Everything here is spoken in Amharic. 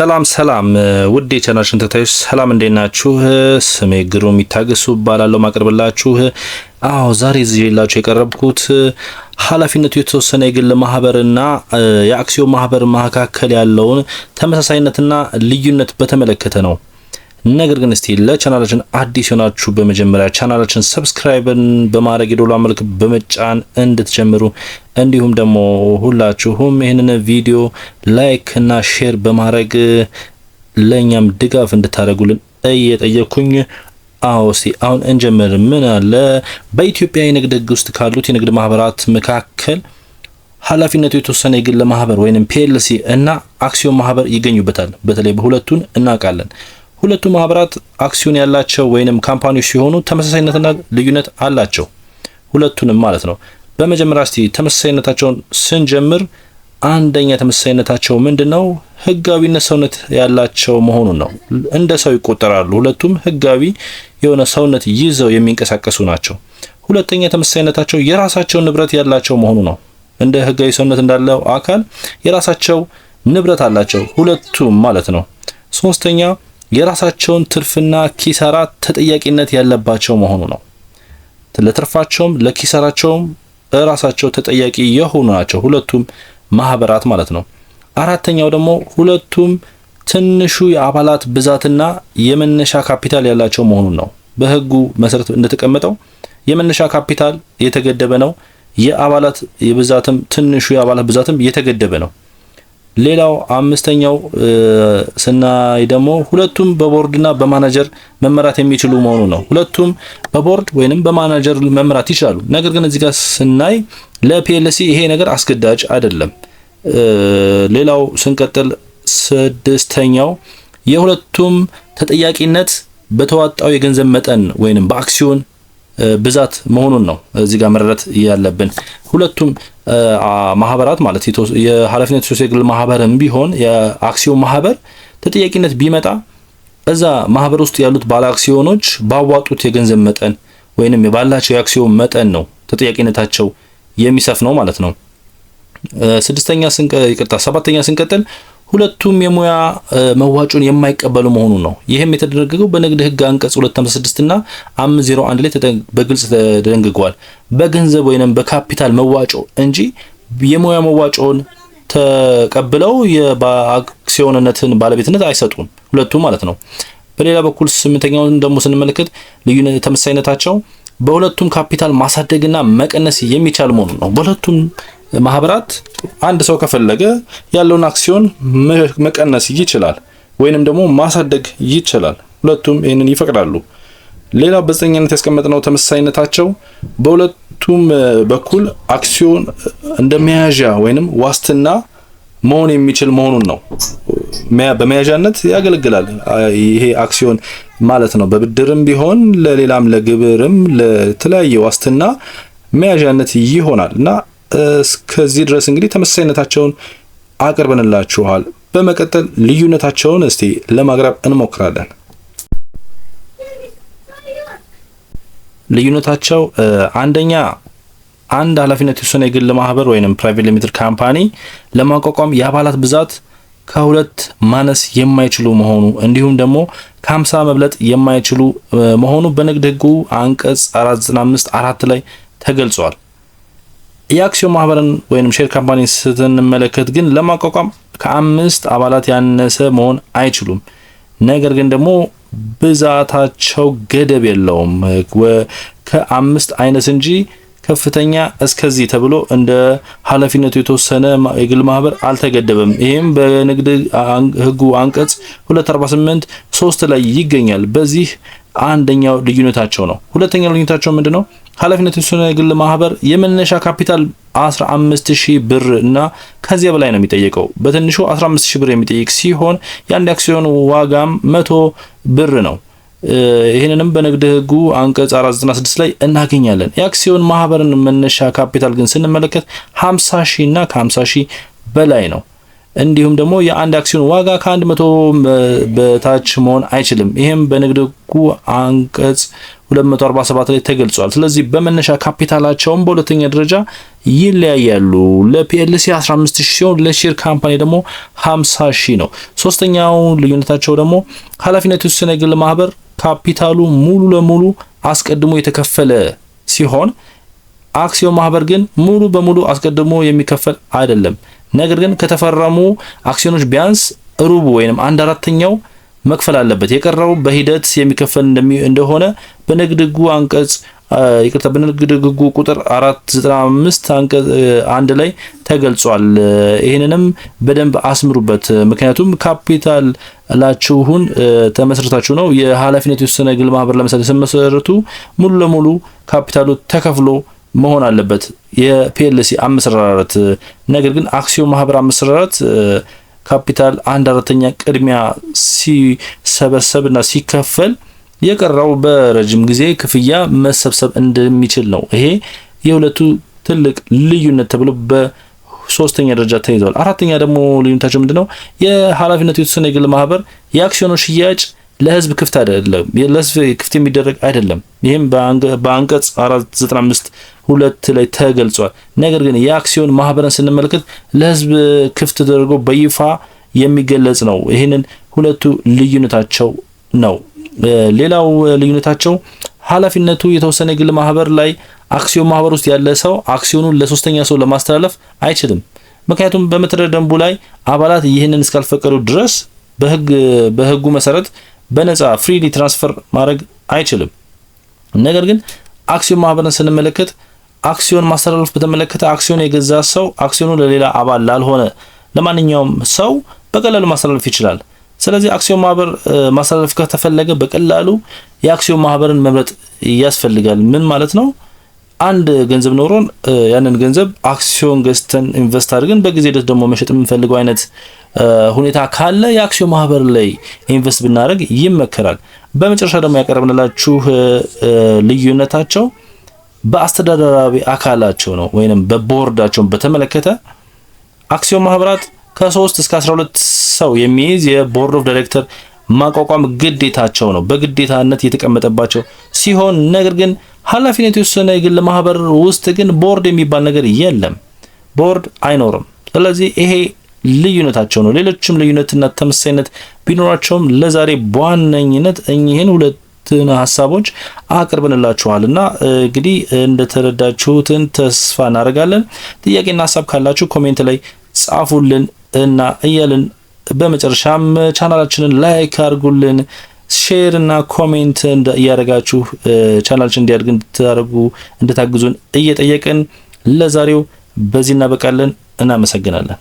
ሰላም ሰላም ውድ የቻናል ተከታዮች ሰላም፣ እንዴት ናችሁ? ስሜ ግሩም ይታገሱ እባላለሁ ማቅረብላችሁ። አዎ ዛሬ እዚህ ላችሁ የቀረብኩት ኃላፊነቱ የተወሰነ የግል ማህበርና የአክሲዮን ማህበር መካከል ያለውን ተመሳሳይነትና ልዩነት በተመለከተ ነው። ነገር ግን እስቲ ለቻናላችን አዲስ የሆናችሁ በመጀመሪያ ቻናላችን ሰብስክራይብን በማድረግ የዶሎ ምልክት በመጫን እንድትጀምሩ እንዲሁም ደግሞ ሁላችሁም ይህንን ቪዲዮ ላይክ እና ሼር በማድረግ ለእኛም ድጋፍ እንድታደርጉልን እየጠየኩኝ አዎ እስቲ አሁን እንጀምር። ምን አለ በኢትዮጵያ የንግድ ሕግ ውስጥ ካሉት የንግድ ማህበራት መካከል ኃላፊነቱ የተወሰነ የግል ማህበር ወይም ፒኤልሲ እና አክሲዮን ማህበር ይገኙበታል። በተለይ በሁለቱን እናውቃለን። ሁለቱ ማህበራት አክሲዮን ያላቸው ወይንም ካምፓኒዎች ሲሆኑ ተመሳሳይነትና ልዩነት አላቸው፣ ሁለቱንም ማለት ነው። በመጀመሪያ እስቲ ተመሳሳይነታቸውን ስንጀምር አንደኛ ተመሳሳይነታቸው ምንድን ነው? ህጋዊነት ሰውነት ያላቸው መሆኑን ነው። እንደ ሰው ይቆጠራሉ። ሁለቱም ህጋዊ የሆነ ሰውነት ይዘው የሚንቀሳቀሱ ናቸው። ሁለተኛ ተመሳሳይነታቸው የራሳቸው ንብረት ያላቸው መሆኑ ነው። እንደ ህጋዊ ሰውነት እንዳለው አካል የራሳቸው ንብረት አላቸው ሁለቱም ማለት ነው። ሶስተኛ የራሳቸውን ትርፍና ኪሳራ ተጠያቂነት ያለባቸው መሆኑ ነው። ለትርፋቸውም ለኪሳራቸውም እራሳቸው ተጠያቂ የሆኑ ናቸው፣ ሁለቱም ማህበራት ማለት ነው። አራተኛው ደግሞ ሁለቱም ትንሹ የአባላት ብዛትና የመነሻ ካፒታል ያላቸው መሆኑን ነው። በህጉ መሰረት እንደተቀመጠው የመነሻ ካፒታል የተገደበ ነው። የአባላት ብዛትም ትንሹ የአባላት ብዛትም የተገደበ ነው። ሌላው አምስተኛው ስናይ ደግሞ ሁለቱም በቦርድና በማናጀር መመራት የሚችሉ መሆኑ ነው። ሁለቱም በቦርድ ወይንም በማናጀር መመራት ይችላሉ። ነገር ግን እዚህ ጋር ስናይ ለፒኤልሲ ይሄ ነገር አስገዳጅ አይደለም። ሌላው ስንቀጥል ስድስተኛው የሁለቱም ተጠያቂነት በተዋጣው የገንዘብ መጠን ወይንም በአክሲዮን ብዛት መሆኑን ነው እዚህ ጋር መረዳት ያለብን። ሁለቱም ማህበራት ማለት የኃላፊነት ሶስት የግል ማህበርም ቢሆን የአክሲዮን ማህበር ተጠያቂነት ቢመጣ እዛ ማህበር ውስጥ ያሉት ባለ አክሲዮኖች ባዋጡት የገንዘብ መጠን ወይንም ባላቸው የአክሲዮን መጠን ነው ተጠያቂነታቸው የሚሰፍ ነው ማለት ነው። ስድስተኛ ስንቀ ይቅርታ ሰባተኛ ስንቀጥል ሁለቱም የሙያ መዋጮን የማይቀበሉ መሆኑን ነው። ይህም የተደነገገው በንግድ ህግ አንቀጽ 256 እና 501 ላይ በግልጽ ተደንግጓል። በገንዘብ ወይንም በካፒታል መዋጮ እንጂ የሙያ መዋጮን ተቀብለው የአክሲዮንነትን ባለቤትነት አይሰጡም፣ ሁለቱም ማለት ነው። በሌላ በኩል ስምንተኛውን ደግሞ ስንመለከት ልዩነት ተመሳሳይነታቸው በሁለቱም ካፒታል ማሳደግና መቀነስ የሚቻል መሆኑን ነው። በሁለቱም ማህበራት አንድ ሰው ከፈለገ ያለውን አክሲዮን መቀነስ ይችላል ወይንም ደግሞ ማሳደግ ይችላል። ሁለቱም ይህንን ይፈቅዳሉ። ሌላ በዘጠኝነት ያስቀመጥነው ተመሳሳይነታቸው በሁለቱም በኩል አክሲዮን እንደ መያዣ ወይንም ዋስትና መሆን የሚችል መሆኑን ነው። በመያዣነት ያገለግላል ይሄ አክሲዮን ማለት ነው። በብድርም ቢሆን ለሌላም፣ ለግብርም፣ ለተለያየ ዋስትና መያዣነት ይሆናል እና እስከዚህ ድረስ እንግዲህ ተመሳሳይነታቸውን አቅርበንላችኋል። በመቀጠል ልዩነታቸውን እስቲ ለማቅረብ እንሞክራለን። ልዩነታቸው አንደኛ አንድ ኃላፊነት የወሰነ የግል ማህበር ወይም ፕራይቬት ሊሚትድ ካምፓኒ ለማቋቋም የአባላት ብዛት ከሁለት ማነስ የማይችሉ መሆኑ እንዲሁም ደግሞ ከሀምሳ መብለጥ የማይችሉ መሆኑ በንግድ ህጉ አንቀጽ 495 አራት ላይ ተገልጿል። የአክሲዮን ማህበርን ወይም ሼር ካምፓኒ ስንመለከት ግን ለማቋቋም ከአምስት አባላት ያነሰ መሆን አይችሉም። ነገር ግን ደግሞ ብዛታቸው ገደብ የለውም። ከአምስት አይነት እንጂ ከፍተኛ እስከዚህ ተብሎ እንደ ኃላፊነቱ የተወሰነ የግል ማህበር አልተገደበም። ይህም በንግድ ህጉ አንቀጽ 248 3 ላይ ይገኛል። በዚህ አንደኛው ልዩነታቸው ነው። ሁለተኛው ልዩነታቸው ምንድን ነው? ኃላፊነት የተወሰነ የግል ማህበር የመነሻ ካፒታል 15000 ብር እና ከዚያ በላይ ነው የሚጠየቀው። በትንሹ 15000 ብር የሚጠይቅ ሲሆን የአንድ አክሲዮን ዋጋም 100 ብር ነው። ይህንንም በንግድ ህጉ አንቀጽ 496 ላይ እናገኛለን። የአክሲዮን ማህበርን መነሻ ካፒታል ግን ስንመለከት 50 እና ከ50 በላይ ነው። እንዲሁም ደግሞ የአንድ አክሲዮን ዋጋ ከአንድ መቶ በታች መሆን አይችልም። ይህም በንግድ ሕጉ አንቀጽ 247 ላይ ተገልጿል። ስለዚህ በመነሻ ካፒታላቸውም በሁለተኛ ደረጃ ይለያያሉ። ለፒኤልሲ 15000 ሲሆን ለሼር ካምፓኒ ደግሞ 50000 ነው። ሶስተኛው ልዩነታቸው ደግሞ ኃላፊነት የተወሰነ የግል ማህበር ካፒታሉ ሙሉ ለሙሉ አስቀድሞ የተከፈለ ሲሆን አክሲዮን ማህበር ግን ሙሉ በሙሉ አስቀድሞ የሚከፈል አይደለም። ነገር ግን ከተፈረሙ አክሲዮኖች ቢያንስ ሩቡ ወይም አንድ አራተኛው መክፈል አለበት። የቀረው በሂደት የሚከፈል እንደሆነ በንግድ አንቀጽ ይቅርታ በንግድ ቁጥር 495 አንቀጽ አንድ ላይ ተገልጿል። ይህንንም በደንብ አስምሩበት። ምክንያቱም ካፒታል ላችሁን ተመስርታችሁ ነው የኃላፊነት የተወሰነ ግል ማህበር ለምሳሌ ስመሰረቱ ሙሉ ለሙሉ ካፒታሉ ተከፍሎ መሆን አለበት የፒኤልሲ አምስት አራት ነገር ግን አክሲዮን ማህበር አምስት አራት ካፒታል አንድ አራተኛ ቅድሚያ ሲሰበሰብና ሲከፈል የቀረው በረጅም ጊዜ ክፍያ መሰብሰብ እንደሚችል ነው። ይሄ የሁለቱ ትልቅ ልዩነት ተብሎ በሶስተኛ ደረጃ ተይዟል። አራተኛ ደግሞ ልዩነታቸው ምንድነው? የኃላፊነቱ የተወሰነ የግል ማህበር የአክሲዮኖች ሽያጭ ለህዝብ ክፍት አይደለም፣ ለህዝብ ክፍት የሚደረግ አይደለም። ይህም በአንቀጽ 495 ሁለት ላይ ተገልጿል። ነገር ግን የአክሲዮን ማህበርን ስንመለከት ለህዝብ ክፍት ተደርጎ በይፋ የሚገለጽ ነው። ይህንን ሁለቱ ልዩነታቸው ነው። ሌላው ልዩነታቸው ኃላፊነቱ የተወሰነ የግል ማህበር ላይ አክሲዮን ማህበር ውስጥ ያለ ሰው አክሲዮኑን ለሶስተኛ ሰው ለማስተላለፍ አይችልም። ምክንያቱም በምትረ ደንቡ ላይ አባላት ይህንን እስካልፈቀዱ ድረስ በህጉ መሰረት በነፃ ፍሪሊ ትራንስፈር ማድረግ አይችልም። ነገር ግን አክሲዮን ማህበርን ስንመለከት አክሲዮን ማስተላለፍ በተመለከተ አክሲዮን የገዛ ሰው አክሲዮኑ ለሌላ አባል ላልሆነ ለማንኛውም ሰው በቀላሉ ማስተላለፍ ይችላል። ስለዚህ አክሲዮን ማህበር ማስተላለፍ ከተፈለገ በቀላሉ የአክሲዮን ማህበርን መምረጥ ያስፈልጋል። ምን ማለት ነው? አንድ ገንዘብ ኖሮን ያንን ገንዘብ አክሲዮን ገዝተን ኢንቨስት አድርገን በጊዜ ደስ ደግሞ መሸጥ የምንፈልገው አይነት ሁኔታ ካለ የአክሲዮን ማህበር ላይ ኢንቨስት ብናደርግ ይመከራል። በመጨረሻ ደግሞ ያቀረብንላችሁ ልዩነታቸው በአስተዳደራዊ አካላቸው ነው ወይም በቦርዳቸውን በተመለከተ አክሲዮን ማህበራት ከ3 እስከ 12 ሰው የሚይዝ የቦርድ ኦፍ ዳይሬክተር ማቋቋም ግዴታቸው ነው፣ በግዴታነት የተቀመጠባቸው ሲሆን ነገር ግን ኃላፊነት የተወሰነ የግል ማህበር ውስጥ ግን ቦርድ የሚባል ነገር የለም፣ ቦርድ አይኖርም። ስለዚህ ይሄ ልዩነታቸው ነው። ሌሎችም ልዩነትና ተመሳሳይነት ቢኖራቸውም ለዛሬ በዋነኝነት እኚህን ሁለት ሀሳቦች አቅርብንላችኋል እና እንግዲህ እንደተረዳችሁትን ተስፋ እናደርጋለን። ጥያቄና ሀሳብ ካላችሁ ኮሜንት ላይ ጻፉልን እና እያልን በመጨረሻም ቻናላችንን ላይክ አድርጉልን። ሼር እና ኮሜንት እያደረጋችሁ ቻናልችን እንዲያድግ እንድታደርጉ እንድታግዙን እየጠየቅን ለዛሬው በዚህ እናበቃለን። እናመሰግናለን።